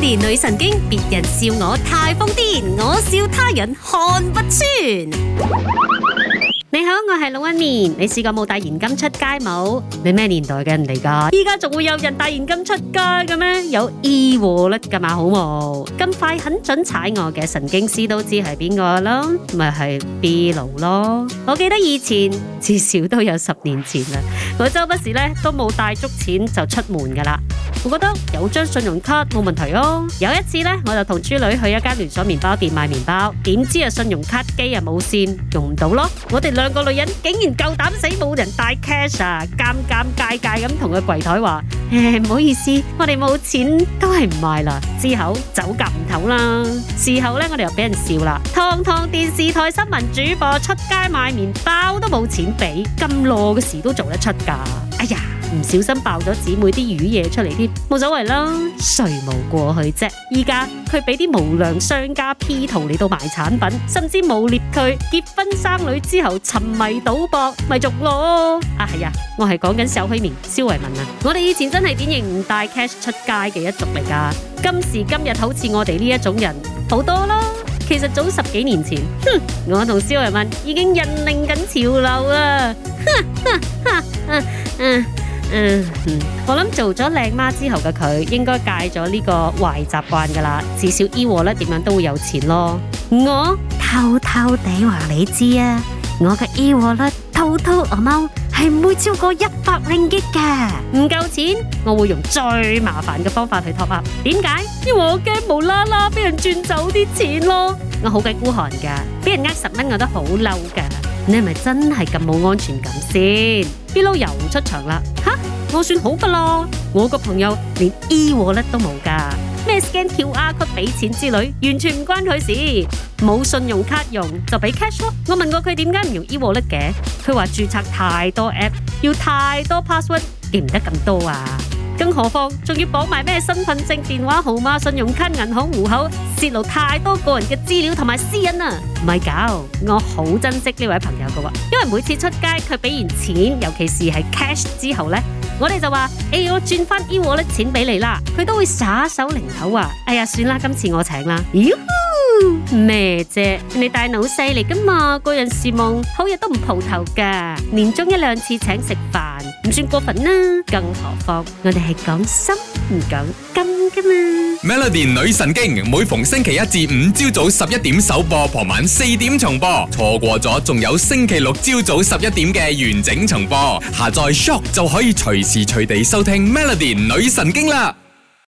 女神經，別人笑我太瘋癲，我笑他人看不穿。你好，我係龍紋敏，你試過冇帶現金出街冇？你咩年代嘅人嚟噶？依家仲會有人帶現金出街嘅咩？有 e-wallet 噶嘛？好冇咁快很準踩我嘅神經師都知係邊個啦？咪、就、係、是、B 佬咯？我記得以前至少都有十年前啦，我周不時咧都冇帶足錢就出門噶啦。我覺得有張信用卡冇問題哦。有一次咧，我就同豬女去一間連鎖麵包店買麵包，點知啊，信用卡機啊冇線，用唔到咯。我哋兩個女人竟然夠膽死，冇人帶 cash 啊，尷尷尬尬咁同個櫃台話：唉，唔好意思，我哋冇錢，都係唔賣啦。之後走夾唔唞啦。事後咧，我哋又俾人笑啦。堂堂電視台新聞主播出街買麵包都冇錢俾，咁懦嘅事都做得出噶。哎呀！唔小心爆咗姊妹啲魚嘢出嚟添，冇所謂啦，誰冇過去啫。依家佢俾啲無良商家 P 圖嚟到賣產品，甚至污蔑佢結婚生女之後沉迷賭博，咪俗咯。啊係啊，我係講緊小虛眠蕭維文啊。我哋以前真係典型唔帶 cash 出街嘅一族嚟噶。今時今日好似我哋呢一種人好多咯。其實早十幾年前，哼，我同蕭維文已經引領緊潮流啊。哈哈哈哈啊啊嗯，我諗做咗靚媽之後嘅佢應該戒咗呢個壞習慣噶啦，至少 e-wallet 點樣都會有錢咯。我偷偷地話你知啊，我嘅 e-wallet 偷偷阿諗係唔會超過一百令吉嘅，唔夠錢我會用最麻煩嘅方法去 top up。點解？因為我驚無啦啦俾人轉走啲錢咯。我好鬼孤寒噶，俾人呃十蚊我都好嬲噶。你係咪真係咁冇安全感先？Biu 又出場啦，吓？我算好噶咯，我個朋友連 e-wallet 都冇噶，咩 Scan QR code 俾錢之類，完全唔關佢事，冇信用卡用就俾 cash 咯。我問過佢點解唔用 e-wallet 嘅，佢話註冊太多 app 要太多 password 記唔得咁多啊。更何況仲要綁埋咩身份證、電話號碼、信用卡、銀行戶口，泄露太多個人嘅資料同埋私隱啊！唔係搞，我好珍惜呢位朋友嘅喎，因為每次出街佢俾完錢，尤其是係 cash 之後呢，我哋就話誒、欸，我轉翻 e-wallet 錢俾你啦，佢都會耍手擰頭啊！哎呀，算啦，今次我請啦。咩啫、uh？你大腦細嚟噶嘛？個人事望好日都唔蒲頭噶，年中一兩次請食飯。算過分啦，更何況我哋係講心唔講金噶嘛。Melody 女神經每逢星期一至五朝早十一點首播，傍晚四點重播，錯過咗仲有星期六朝早十一點嘅完整重播。下載 Shock 就可以隨時隨地收聽 Melody 女神經啦。